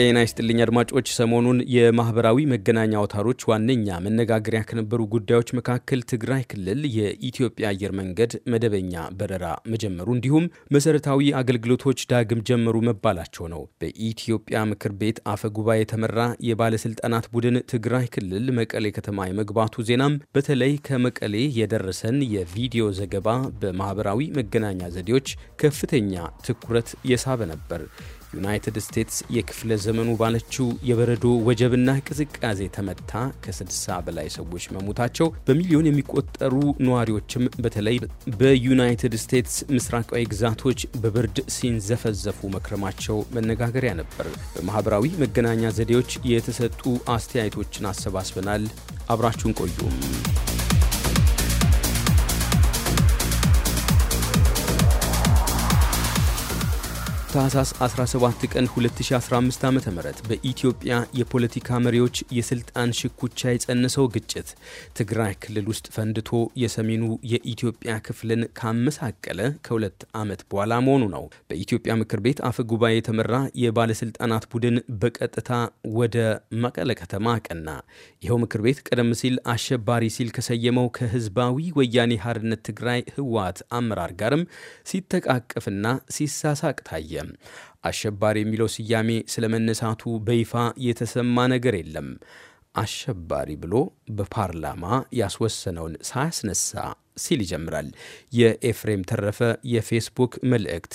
ጤና ይስጥልኝ አድማጮች። ሰሞኑን የማህበራዊ መገናኛ አውታሮች ዋነኛ መነጋገሪያ ከነበሩ ጉዳዮች መካከል ትግራይ ክልል የኢትዮጵያ አየር መንገድ መደበኛ በረራ መጀመሩ እንዲሁም መሰረታዊ አገልግሎቶች ዳግም ጀመሩ መባላቸው ነው። በኢትዮጵያ ምክር ቤት አፈ ጉባኤ የተመራ የባለስልጣናት ቡድን ትግራይ ክልል መቀሌ ከተማ የመግባቱ ዜናም በተለይ ከመቀሌ የደረሰን የቪዲዮ ዘገባ በማህበራዊ መገናኛ ዘዴዎች ከፍተኛ ትኩረት የሳበ ነበር። ዩናይትድ ስቴትስ የክፍለ ዘመኑ ባለችው የበረዶ ወጀብና ቅዝቃዜ ተመታ ከ60 በላይ ሰዎች መሞታቸው በሚሊዮን የሚቆጠሩ ነዋሪዎችም በተለይ በዩናይትድ ስቴትስ ምስራቃዊ ግዛቶች በብርድ ሲንዘፈዘፉ መክረማቸው መነጋገሪያ ነበር። በማህበራዊ መገናኛ ዘዴዎች የተሰጡ አስተያየቶችን አሰባስበናል። አብራችሁን ቆዩም ታህሳስ 17 ቀን 2015 ዓ ም በኢትዮጵያ የፖለቲካ መሪዎች የስልጣን ሽኩቻ የጸነሰው ግጭት ትግራይ ክልል ውስጥ ፈንድቶ የሰሜኑ የኢትዮጵያ ክፍልን ካመሳቀለ ከሁለት ዓመት በኋላ መሆኑ ነው። በኢትዮጵያ ምክር ቤት አፈ ጉባኤ የተመራ የባለስልጣናት ቡድን በቀጥታ ወደ መቀለ ከተማ አቀና። ይኸው ምክር ቤት ቀደም ሲል አሸባሪ ሲል ከሰየመው ከህዝባዊ ወያኔ ሀርነት ትግራይ ህወሓት አመራር ጋርም ሲተቃቀፍና ሲሳሳቅ ታየ። አልተካሄደም። አሸባሪ የሚለው ስያሜ ስለመነሳቱ በይፋ የተሰማ ነገር የለም። አሸባሪ ብሎ በፓርላማ ያስወሰነውን ሳያስነሳ ሲል ይጀምራል የኤፍሬም ተረፈ የፌስቡክ መልእክት።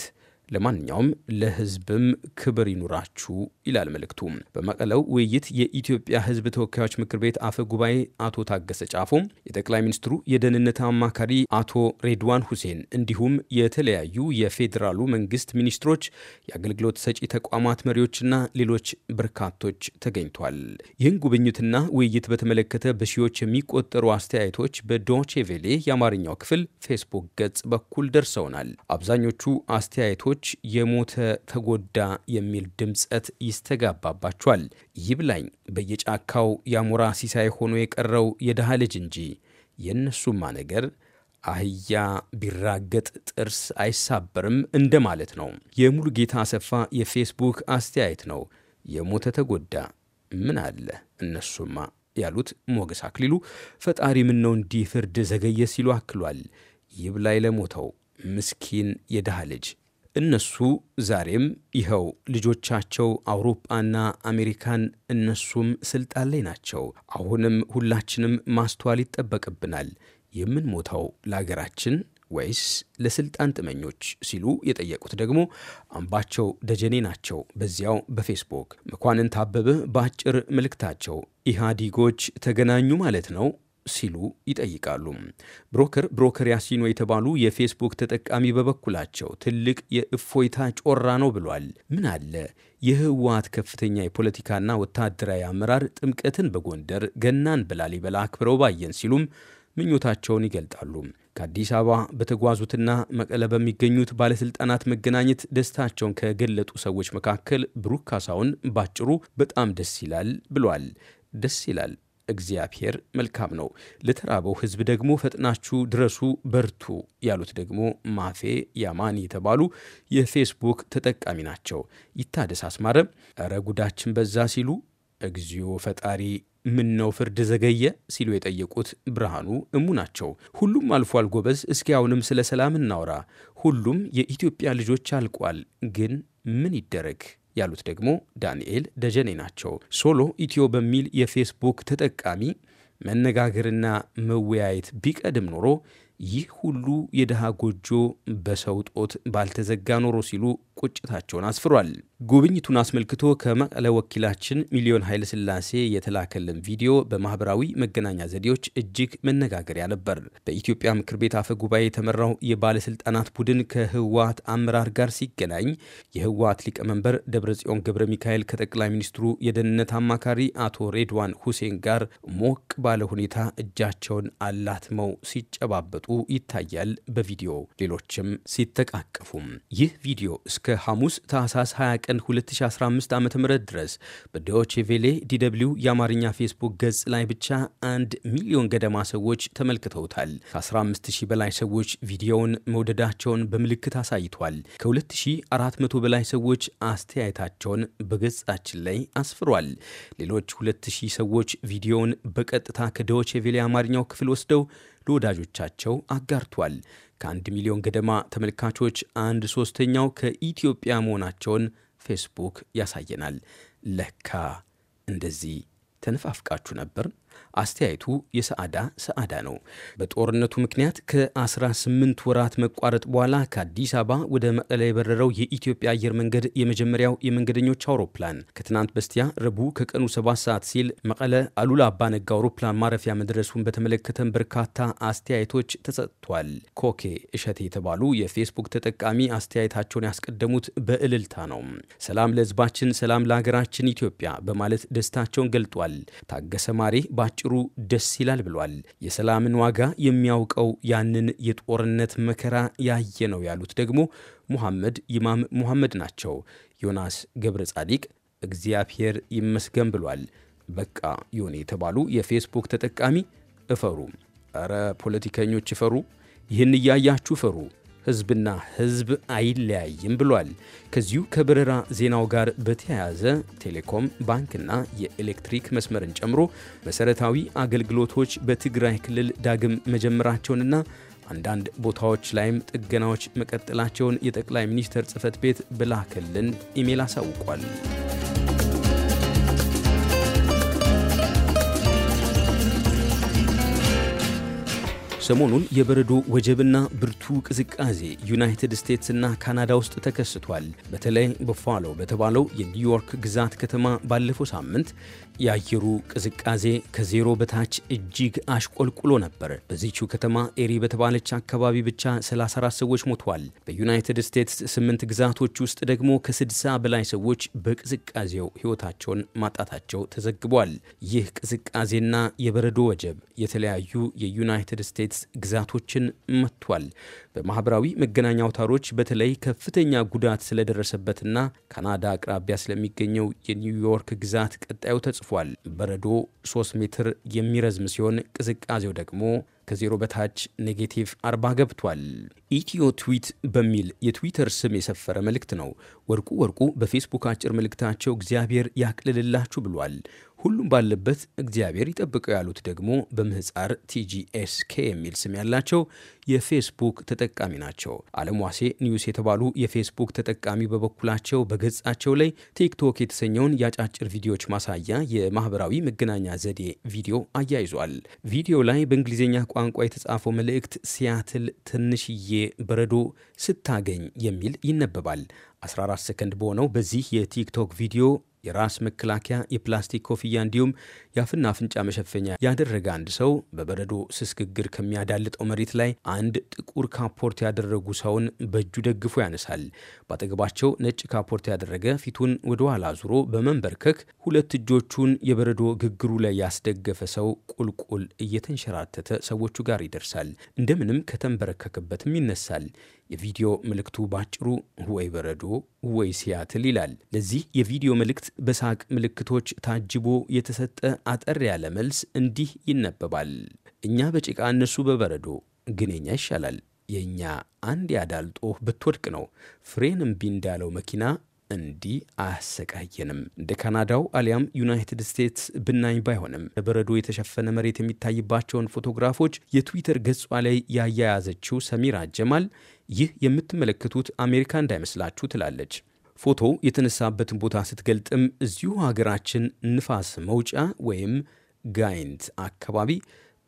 ለማንኛውም ለህዝብም ክብር ይኑራችሁ ይላል መልእክቱ። በመቀለው ውይይት የኢትዮጵያ ህዝብ ተወካዮች ምክር ቤት አፈ ጉባኤ አቶ ታገሰ ጫፎ፣ የጠቅላይ ሚኒስትሩ የደህንነት አማካሪ አቶ ሬድዋን ሁሴን እንዲሁም የተለያዩ የፌዴራሉ መንግስት ሚኒስትሮች፣ የአገልግሎት ሰጪ ተቋማት መሪዎችና ሌሎች በርካቶች ተገኝቷል። ይህን ጉብኝትና ውይይት በተመለከተ በሺዎች የሚቆጠሩ አስተያየቶች በዶቼቬሌ የአማርኛው ክፍል ፌስቡክ ገጽ በኩል ደርሰውናል። አብዛኞቹ አስተያየቶች ሰዎች የሞተ ተጎዳ የሚል ድምጸት ይስተጋባባቸዋል። ይብላኝ በየጫካው የአሞራ ሲሳይ ሆኖ የቀረው የድሃ ልጅ እንጂ የእነሱማ ነገር አህያ ቢራገጥ ጥርስ አይሳበርም እንደማለት ነው። ጌታ አሰፋ የፌስቡክ አስተያየት ነው። የሞተ ተጎዳ ምን አለ እነሱማ ያሉት ሞገስ አክሊሉ ፈጣሪ ምን ነው እንዲህ ፍርድ ዘገየ ሲሉ አክሏል። ይብላኝ ለሞተው ምስኪን የድሃ ልጅ እነሱ ዛሬም ይኸው ልጆቻቸው አውሮፓና አሜሪካን እነሱም ስልጣን ላይ ናቸው። አሁንም ሁላችንም ማስተዋል ይጠበቅብናል። የምንሞታው ለሀገራችን ወይስ ለስልጣን ጥመኞች ሲሉ የጠየቁት ደግሞ አምባቸው ደጀኔ ናቸው። በዚያው በፌስቡክ መኳንን ታበበ በአጭር መልእክታቸው ኢህአዲጎች ተገናኙ ማለት ነው ሲሉ ይጠይቃሉ። ብሮከር ብሮከር ያሲኖ የተባሉ የፌስቡክ ተጠቃሚ በበኩላቸው ትልቅ የእፎይታ ጮራ ነው ብሏል። ምን አለ የህወሀት ከፍተኛ የፖለቲካና ወታደራዊ አመራር ጥምቀትን በጎንደር ገናን በላሊበላ አክብረው ባየን ሲሉም ምኞታቸውን ይገልጣሉ። ከአዲስ አበባ በተጓዙትና መቀለ በሚገኙት ባለስልጣናት መገናኘት ደስታቸውን ከገለጡ ሰዎች መካከል ብሩክ ካሳውን ባጭሩ በጣም ደስ ይላል ብሏል። ደስ ይላል እግዚአብሔር መልካም ነው፣ ለተራበው ሕዝብ ደግሞ ፈጥናችሁ ድረሱ በርቱ ያሉት ደግሞ ማፌ ያማን የተባሉ የፌስቡክ ተጠቃሚ ናቸው። ይታደስ አስማረ እረ ጉዳችን በዛ ሲሉ እግዚኦ ፈጣሪ ምን ነው ፍርድ ዘገየ ሲሉ የጠየቁት ብርሃኑ እሙ ናቸው። ሁሉም አልፏል ጎበዝ፣ እስኪ አሁንም ስለ ሰላም እናውራ። ሁሉም የኢትዮጵያ ልጆች አልቋል፣ ግን ምን ይደረግ ያሉት ደግሞ ዳንኤል ደጀኔ ናቸው። ሶሎ ኢትዮ በሚል የፌስቡክ ተጠቃሚ መነጋገርና መወያየት ቢቀድም ኖሮ ይህ ሁሉ የድሃ ጎጆ በሰው ጦት ባልተዘጋ ኖሮ ሲሉ ቁጭታቸውን አስፍሯል። ጉብኝቱን አስመልክቶ ከመቀለ ወኪላችን ሚሊዮን ኃይለ ስላሴ የተላከልን ቪዲዮ በማህበራዊ መገናኛ ዘዴዎች እጅግ መነጋገሪያ ነበር። በኢትዮጵያ ምክር ቤት አፈ ጉባኤ የተመራው የባለስልጣናት ቡድን ከህወሀት አመራር ጋር ሲገናኝ የህወሀት ሊቀመንበር ደብረጽዮን ገብረ ሚካኤል ከጠቅላይ ሚኒስትሩ የደህንነት አማካሪ አቶ ሬድዋን ሁሴን ጋር ሞቅ ባለ ሁኔታ እጃቸውን አላትመው ሲጨባበጡ ይታያል። በቪዲዮ ሌሎችም ሲተቃቀፉም ይህ ቪዲዮ እስከ ሐሙስ ታህሳስ 20 ቀን 2015 ዓ ም ድረስ በዶቼ ቬሌ ዲደብሊው የአማርኛ ፌስቡክ ገጽ ላይ ብቻ አንድ ሚሊዮን ገደማ ሰዎች ተመልክተውታል። ከ15000 በላይ ሰዎች ቪዲዮውን መውደዳቸውን በምልክት አሳይቷል። ከ2400 በላይ ሰዎች አስተያየታቸውን በገጻችን ላይ አስፍሯል። ሌሎች 2000 ሰዎች ቪዲዮውን በቀጥታ ከዶቼ ቬሌ አማርኛው ክፍል ወስደው ለወዳጆቻቸው አጋርቷል። ከአንድ ሚሊዮን ገደማ ተመልካቾች አንድ ሶስተኛው ከኢትዮጵያ መሆናቸውን ፌስቡክ ያሳየናል። ለካ እንደዚህ ተነፋፍቃችሁ ነበር። አስተያየቱ የሰዓዳ ሰዓዳ ነው። በጦርነቱ ምክንያት ከ18 ወራት መቋረጥ በኋላ ከአዲስ አበባ ወደ መቀለ የበረረው የኢትዮጵያ አየር መንገድ የመጀመሪያው የመንገደኞች አውሮፕላን ከትናንት በስቲያ ረቡዕ ከቀኑ 7 ሰዓት ሲል መቀለ አሉላ አባነጋ አውሮፕላን ማረፊያ መድረሱን በተመለከተም በርካታ አስተያየቶች ተሰጥቷል። ኮኬ እሸቴ የተባሉ የፌስቡክ ተጠቃሚ አስተያየታቸውን ያስቀደሙት በእልልታ ነው። ሰላም ለህዝባችን ሰላም ለሀገራችን ኢትዮጵያ በማለት ደስታቸውን ገልጧል። ታገሰ ማሬ ባጭሩ ደስ ይላል ብሏል። የሰላምን ዋጋ የሚያውቀው ያንን የጦርነት መከራ ያየ ነው ያሉት ደግሞ ሙሐመድ ኢማም ሙሐመድ ናቸው። ዮናስ ገብረ ጻዲቅ እግዚአብሔር ይመስገን ብሏል። በቃ ዮኔ የተባሉ የፌስቡክ ተጠቃሚ እፈሩ፣ እረ ፖለቲከኞች እፈሩ፣ ይህን እያያችሁ እፈሩ ሕዝብና ሕዝብ አይለያይም ብሏል። ከዚሁ ከበረራ ዜናው ጋር በተያያዘ ቴሌኮም፣ ባንክና የኤሌክትሪክ መስመርን ጨምሮ መሰረታዊ አገልግሎቶች በትግራይ ክልል ዳግም መጀመራቸውንና አንዳንድ ቦታዎች ላይም ጥገናዎች መቀጠላቸውን የጠቅላይ ሚኒስትር ጽህፈት ቤት ብላክልን ኢሜል አሳውቋል። ሰሞኑን የበረዶ ወጀብና ብርቱ ቅዝቃዜ ዩናይትድ ስቴትስና ካናዳ ውስጥ ተከስቷል። በተለይ በፋሎ በተባለው የኒውዮርክ ግዛት ከተማ ባለፈው ሳምንት የአየሩ ቅዝቃዜ ከዜሮ በታች እጅግ አሽቆልቁሎ ነበር። በዚቹ ከተማ ኤሪ በተባለች አካባቢ ብቻ 34 ሰዎች ሞቷል። በዩናይትድ ስቴትስ ስምንት ግዛቶች ውስጥ ደግሞ ከ60 በላይ ሰዎች በቅዝቃዜው ሕይወታቸውን ማጣታቸው ተዘግቧል። ይህ ቅዝቃዜና የበረዶ ወጀብ የተለያዩ የዩናይትድ ስቴትስ ግዛቶችን መጥቷል። በማኅበራዊ መገናኛ አውታሮች በተለይ ከፍተኛ ጉዳት ስለደረሰበትና ካናዳ አቅራቢያ ስለሚገኘው የኒውዮርክ ግዛት ቀጣዩ ተጽፏል። በረዶ 3 ሜትር የሚረዝም ሲሆን ቅዝቃዜው ደግሞ ከዜሮ በታች ኔጌቲቭ 40 ገብቷል። ኢትዮ ትዊት በሚል የትዊተር ስም የሰፈረ መልእክት ነው። ወርቁ ወርቁ በፌስቡክ አጭር መልእክታቸው እግዚአብሔር ያቅልልላችሁ ብሏል። ሁሉም ባለበት እግዚአብሔር ይጠብቀው ያሉት ደግሞ በምህፃር ቲጂኤስኬ የሚል ስም ያላቸው የፌስቡክ ተጠቃሚ ናቸው። አለም ዋሴ ኒውስ የተባሉ የፌስቡክ ተጠቃሚ በበኩላቸው በገጻቸው ላይ ቲክቶክ የተሰኘውን የአጫጭር ቪዲዮዎች ማሳያ የማህበራዊ መገናኛ ዘዴ ቪዲዮ አያይዟል። ቪዲዮ ላይ በእንግሊዝኛ ቋንቋ የተጻፈው መልእክት ሲያትል ትንሽዬ በረዶ ስታገኝ የሚል ይነበባል። 14 ሰከንድ በሆነው በዚህ የቲክቶክ ቪዲዮ የራስ መከላከያ የፕላስቲክ ኮፍያ እንዲሁም የአፍና አፍንጫ መሸፈኛ ያደረገ አንድ ሰው በበረዶ ስስግግር ከሚያዳልጠው መሬት ላይ አንድ ጥቁር ካፖርት ያደረጉ ሰውን በእጁ ደግፎ ያነሳል። በአጠገባቸው ነጭ ካፖርት ያደረገ ፊቱን ወደ ኋላ ዙሮ በመንበርከክ ሁለት እጆቹን የበረዶ ግግሩ ላይ ያስደገፈ ሰው ቁልቁል እየተንሸራተተ ሰዎቹ ጋር ይደርሳል። እንደምንም ከተንበረከከበትም ይነሳል። የቪዲዮ ምልክቱ ባጭሩ ወይ በረዶ ወይ ሲያትል ይላል። ለዚህ የቪዲዮ ምልክት በሳቅ ምልክቶች ታጅቦ የተሰጠ አጠር ያለ መልስ እንዲህ ይነበባል። እኛ በጭቃ እነሱ በበረዶ ግን የኛ ይሻላል። የእኛ አንድ ያዳልጦ ብትወድቅ ነው። ፍሬን እምቢ እንዳለው መኪና እንዲህ አያሰቃየንም። እንደ ካናዳው አሊያም ዩናይትድ ስቴትስ ብናኝ ባይሆንም በበረዶ የተሸፈነ መሬት የሚታይባቸውን ፎቶግራፎች የትዊተር ገጿ ላይ ያያያዘችው ሰሚራ ጀማል ይህ የምትመለከቱት አሜሪካ እንዳይመስላችሁ ትላለች። ፎቶ የተነሳበትን ቦታ ስትገልጥም እዚሁ ሀገራችን ንፋስ መውጫ ወይም ጋይንት አካባቢ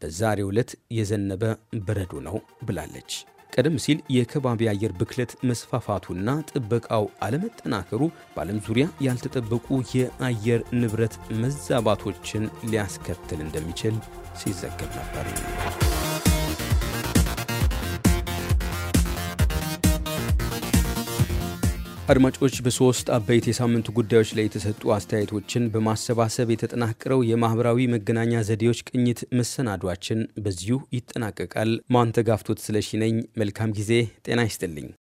በዛሬው ዕለት የዘነበ በረዶ ነው ብላለች። ቀደም ሲል የከባቢ አየር ብክለት መስፋፋቱና ጥበቃው አለመጠናከሩ በዓለም ዙሪያ ያልተጠበቁ የአየር ንብረት መዛባቶችን ሊያስከትል እንደሚችል ሲዘገብ ነበር። አድማጮች በሶስት አበይት የሳምንቱ ጉዳዮች ላይ የተሰጡ አስተያየቶችን በማሰባሰብ የተጠናቀረው የማህበራዊ መገናኛ ዘዴዎች ቅኝት መሰናዷችን በዚሁ ይጠናቀቃል። ማንተጋፍቶት ስለሺ ነኝ። መልካም ጊዜ። ጤና ይስጥልኝ።